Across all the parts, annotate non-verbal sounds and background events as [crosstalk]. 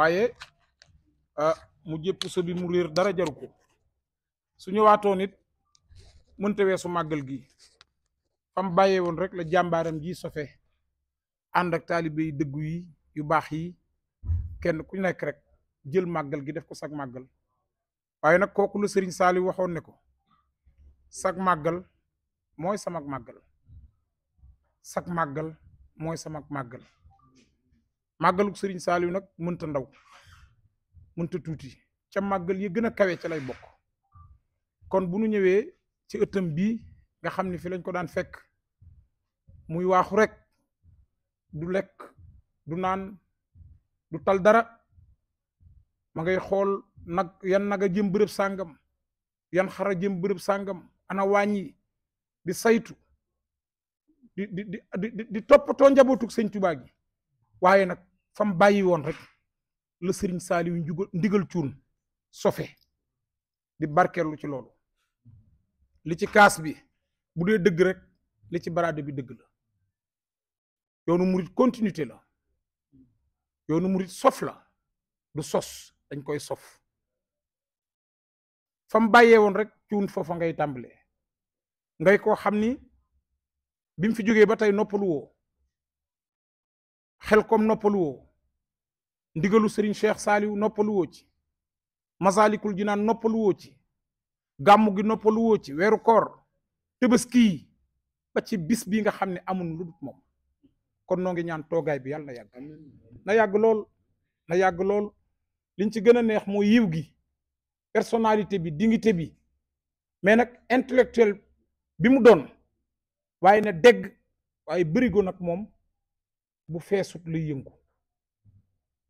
waaye ah, mu jëpp sa bi mu réer dara jaru ko su ñëwaatoon mënta weesu màggal gi fam bàyyee woon rek la jàmbaaram ji sofe ànd ak taalibe dëggu yi yu baax yi kenn ku nekk rek jël màggal gi def ko sag màggal waaye nag kooku la Serigne Saliou waxoon ne ko sag màggal mooy samak màggal sag màggal mooy samak màggal màggaluk sëriñ Saaliw nag mënta ndaw mënta tuuti ca màggal yi gën a kawe ca lay bokk kon bu nu ñëwee ci ëttam bii nga xam ne fi lañ ko daan fekk muy waaxu rek du lekk du naan du tal dara ma ngay xool nag yan naga jëm bërëb sàngam yan xara jëm bërëb sàngam ana wàññi di saytu di di di di toppatoo njabootug sëñ Tuubaa gi waaye nag fam bàyyi woon rek la sëriñ Saaliw njugal ndigal cuun sofe di barkeelu ci loolu li ci kaas bi bu dee dëgg rek li ci baraade bi dëgg la yoonu murit continuité la yoonu murit sof la du sos dañ koy sof fam bàyyee woon rek cuun foofa ngay tàmbalee ngay koo xam ni bi fi jógee ba tey noppaluwoo xel kom noppaluwoo ndigalu sëriñ Cheikh Saaliw noppaluwoo ci masalikul jinaan noppaluwoo ci gàmmu gi noppaluwoo ci weeru koor tëbaski ba ci bis bi nga xam ne amul lu dul moom kon noo ngi ñaan toogaay bi yàlla na yàgg na yàgg lool na yàgg lool liñ ci gën a neex mooy yiw gi personnalité bi dingité bi mais nag intellectuel bi mu doon waaye na dégg waaye bërigo nag moom bu feesut lay yëngu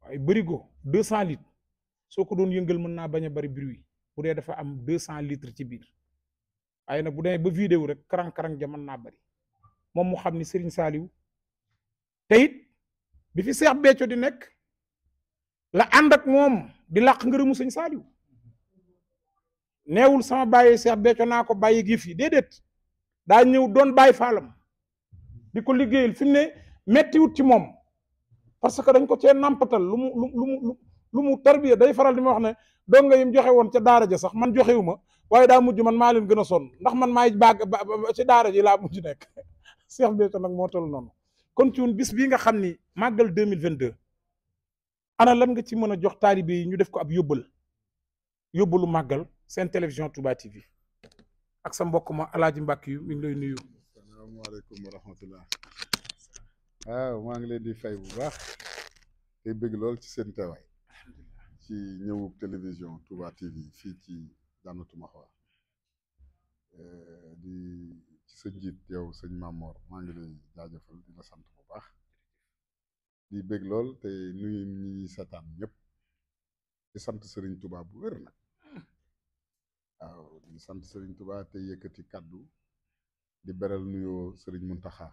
waaye bërigo deux cent litres soo ko doon yëngal mën naa bañ a bari bruit bu dee dafa am deux cent litres ci biir waaye na bu demee ba vidéo rek karang-karang ja naa bari moom mu xam ni sëriñ saaliw te bi fi Seex Béthio di nekk la ànd moom di làq ngërëmu Sëñ Saliou neewul sama bàyyi Seex Béthio naa ko bàyyi gif yi déedéet daa ñëw doon bàyyi faalam di ko liggéeyal fi ne mettiwut ci moom parce que dañ ko cee nampatal lu mu lu mu lu mu tarbiya day faral di ma wax ne donga yim joxe woon ca daara ja sax man joxewu ma waaye daa mujj man maa leen gën a sonn ndax man maay baag ci daara ji laa mujj nekk [laughs] Cheikh Béthio nag moo toll noonu kon ci wun bis bii nga xam ni màggal deux mille vingt deux ana lam nga ci mën a jox taalibe yi ñu def ko ab yóbbal yóbbalu màggal seen télévision tubaa TV ak sa mbokk ma Alaaji Mbàkk yu mi lay nuyu. asalaamaaleykum wa waaw maa ngi leen di fay bu baax te bëgg lool ci seen teewaay ci ñëwub télévision Touba TV fii ci Jannatul Mahwa eh, di ci sa yow sëñ Mamor maa ngi lay jaajëfal di la sant bu baax di bëgg lool te nuyu ñi setaan ñëpp di sant sëriñ Touba bu wér nag waaw di sant sëriñ Touba te yëkkati kàddu di beral nuyoo Serigne Muntaxa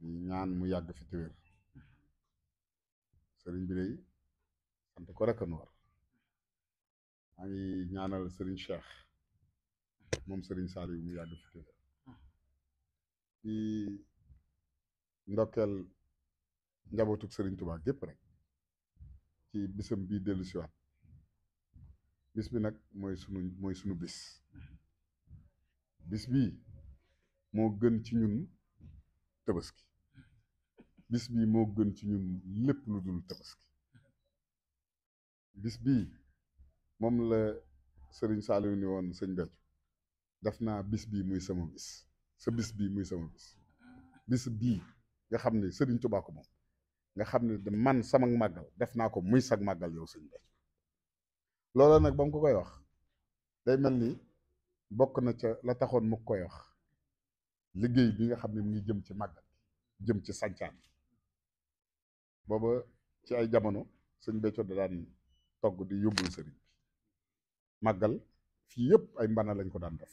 ñaan mu yàgg fi téwér sëriñ bi day sant ko rek nu war ngi ñaanal sëriñ Cheikh moom sëriñ Saliou mu yàgg fi téwér di ndokkeel njabootuk sëriñ Touba gépp rek ci bisam bii dellu bis bi nag mooy sunu mooy sunu bis bis bii moo gën ci ñun tabaski bis bii moo gën ci ñun lépp lu bis bii moom la sëriñ Saliou ni woon sëñ beccu def naa bis bii muy sama bis sa bis bii muy sama bis bis bii nga xam ne sëriñ Tuubaa ko moom nga xam ne man sama màggal def naa ko muy sag màggal yow sëñ beccu loola nag ba mu ko koy wax day mel ni bokk na ca la taxoon mu koy wax liggéey bi nga xam ne mu ngi jëm ci màggal jëm ci sancaan booba ci ay jamono sëñ Béthio da daan togg di yóbbul sëriñ bi màggal fii yëpp ay mbana lañ ko daan def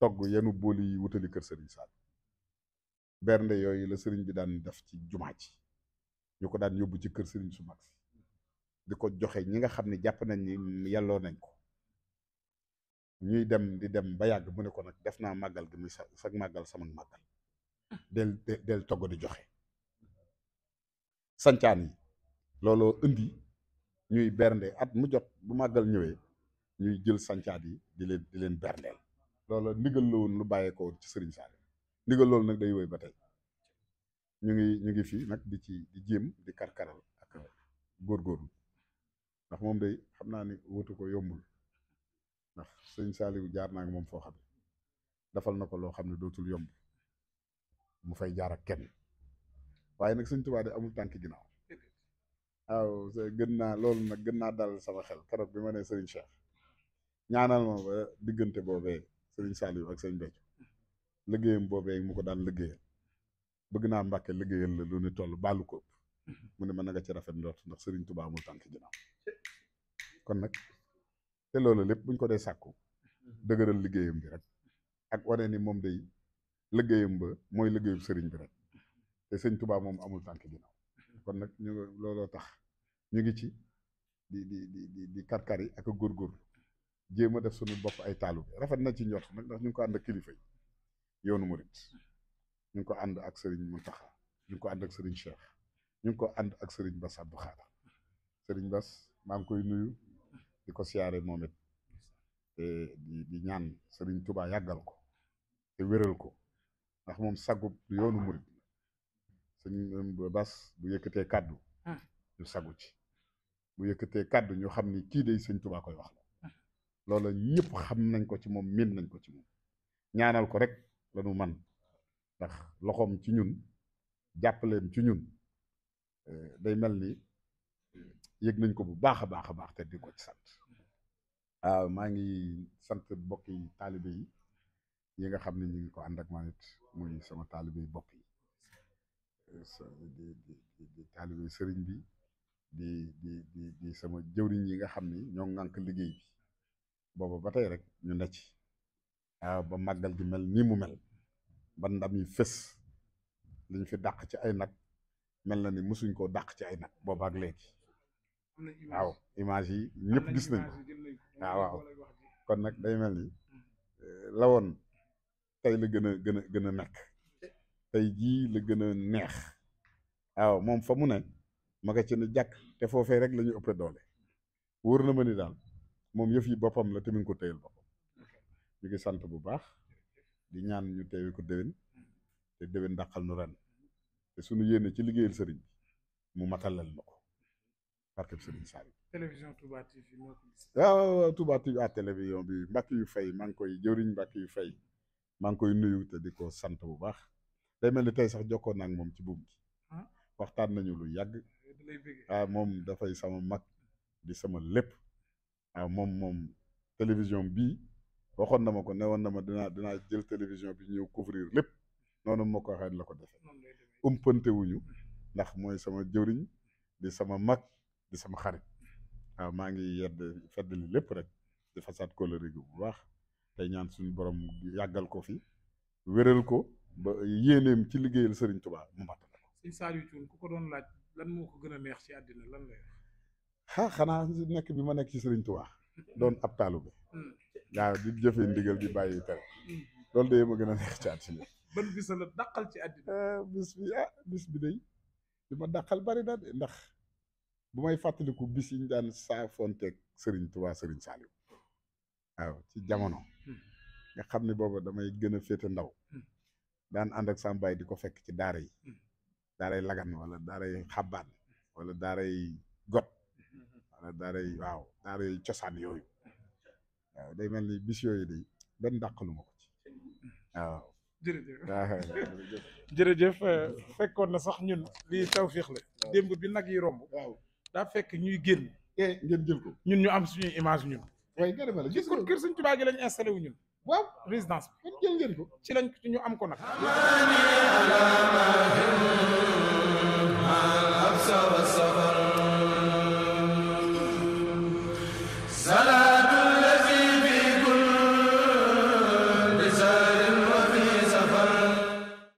togg yenu booli yi wutali kër sëriñ Saal bernde yooyu la sëriñ bi daan def ci jumaa ji ñu ko daan yóbbu ci kër sëriñ su mag si di ko joxe ñi nga xam ne jàpp nañ ni yelloo nañ ko ñuy dem di dem ba yàgg mu ne ko nag def naa màggal gi muy sa sag màggal sama màggal del del togg di joxe sancaan yi looloo indi ñuy bernde at mu jot bu màggal ñëwee ñuy jël sancaat yi di leen di leen berndeel loolu ndigal la woon lu bàyyeekoo ci sëriñ Saliou ndigal loolu nag day woy ba tey ñu ngi ñu ngi fii nag di ci di jéem di karkaral ak góorgóorlu ndax moom day xam naa ni wutu ko yombul ndax Serigne Saliou jaar naa ngi moom foo xam ne defal na ko loo xam ne dootul yomb mu fay jaar ak kenn waaye nag sëñ Tuubaa de amul tànk ginnaaw waaw gën naa loolu nag gën naa dal sama xel keroot bi ma ne Serigne Cheikh ñaanal ma ba diggante boobee Serigne Saliou ak Serigne Béthio liggéeyam boobee mu ko daan liggéeyal bëgg naa Mbàkke liggéeyal la lu ni toll baalu ko mu ne mën na nga ci rafet njort ndax Serigne Touba amul tànk ginnaaw kon nag te loolu lépp buñ ko dee sàkku dëgëral liggéeyam bi rek ak wane ni moom day liggéeyam ba mooy liggéeyub Serigne bi rek. te sëñ Tuubaa moom amul tànk ginnaaw kon nag ñu looloo tax ñu ngi ci di di di di di ak a góor jéem a def suñu bopp ay taalu bi rafet na ci njort nag ndax ñu ngi ko ànd ak kilifa yoonu murit ñu ngi ko ànd ak sëriñ Muntaxa ñu ngi ko ànd ak sëriñ Cheikh ñu ngi ko ànd ak sëriñ Bass Abdou Khadre sëriñ bas maa ngi koy nuyu di ko siyaare moom it di ñaan sëriñ Tuubaa yàggal ko te wéral ko ndax moom sagub yoonu murit sëñ um, Bass bu yëkkatee kàddu ah. ñu sagu ci bu yëkkatee kàddu ñu xam ni kii day sëñ Tuubaa koy wax la ah. loola ñëpp xam nañ ko ci moom miin nañ ko ci moom ñaanal ko rek lañu man ndax loxoom ci ñun jàppaleem ci ñun eh, day mel ni yëg nañ ko bu baax a baax a baax te di ko ci sant ah, maa ngi sant mbokki taalibe yi yi nga xam ni ñu ngi ko ànd ak man it muy sama taalibe yi bopp yi di di di taalibe sëriñ bi di di di sama jëwriñ yi nga xam ni ñoo ŋànk liggéey bi booba ba tey rek ñu ne ci waaw ba màggal gi mel nii mu mel ba ndam yi fës liñ fi dàq ci ay nag mel na ni mësuñ koo dàq ci ay nag booba ak léegi waaw image yi ñëpp gis nañ ko waaw waaw kon nag day mel ni mm. eh, lawoon tey la gën a gën a gën a nekk tey jii la gën a neex waaw moom fa mu ne ma jàkk te foofee rek lañu ñu doole wër na ma ni daal moom yëf yi boppam la te ko téyel boppam ñu ngi sant bu baax di ñaan ñu teewe ko déwén te déwén dàqal nu ren te suñu yéene ci liggéeyal sëriñ bi mu matalal na ko barke sëriñ Saliou télévision Touba TV moo ko gis ah, bi Mbackiou Faye maa ngi koy jëwriñ Mbackiou Faye maa ngi koy nuyu te di ko sant bu baax day mel ni tey sax jokkoon naa moom ci buum gi ah. waxtaan nañu lu yàgg eh, ah moom dafay sama mag di sama lépp ah moom moom télévision bii waxoon na ma ko ne woon na ma dinaa dinaa jël télévision bi ñëw couvrir lépp noonu moo waxee la ko defee umpante wuñu ndax mooy sama jëwriñ di sama mag di sama xarit waaw ah, maa ngi yedd feddali lépp rek di façade coloré bu baax tey ñaan suñu borom yàggal ko fi wéral ko ba yéeneem ci liggéeyal Serigne tubaa mu mat. sëñ Saliou Thioune doon laaj lan moo ko gën a neex ci àddina lan lay xa xanaa nekk bi ma nekk ci sëriñ Touba doon ab taalibe. Hmm. waaw di jëfe ndigal di bàyyi tere. Hmm. loolu de ma gën a neex ci àddina. ban bis ci àddina. Eh, bis bi ah bis bi ma dàqal bari na de ndax bu may fàttaliku bis yi ñu daan saafonteeg Serigne Touba Serigne Saliou waaw ci jamono. Hmm. nga xam ne booba damay gën a féete ndaw. daan ànd ak sàmbaay di ko fekk ci daara yi hmm. daara yi lagan wala daara yi xabaan wala daara yi got wala daara yi waaw yi cosaan yooyu day mel ni bis yooyu day benn dàqalu ma ko ci waaw jërëjëf [laughs] euh, fekkoon na sax ñun lii tawféex la démb bi nag yi romb daa fekk ñuy génn eh, jël ñun ñu am suñuy image ñun waaye gërëm la gis lañ installé ñun waaw résidence bi kon jël ngeen ko ci lañ ci ñu am ko nag salaam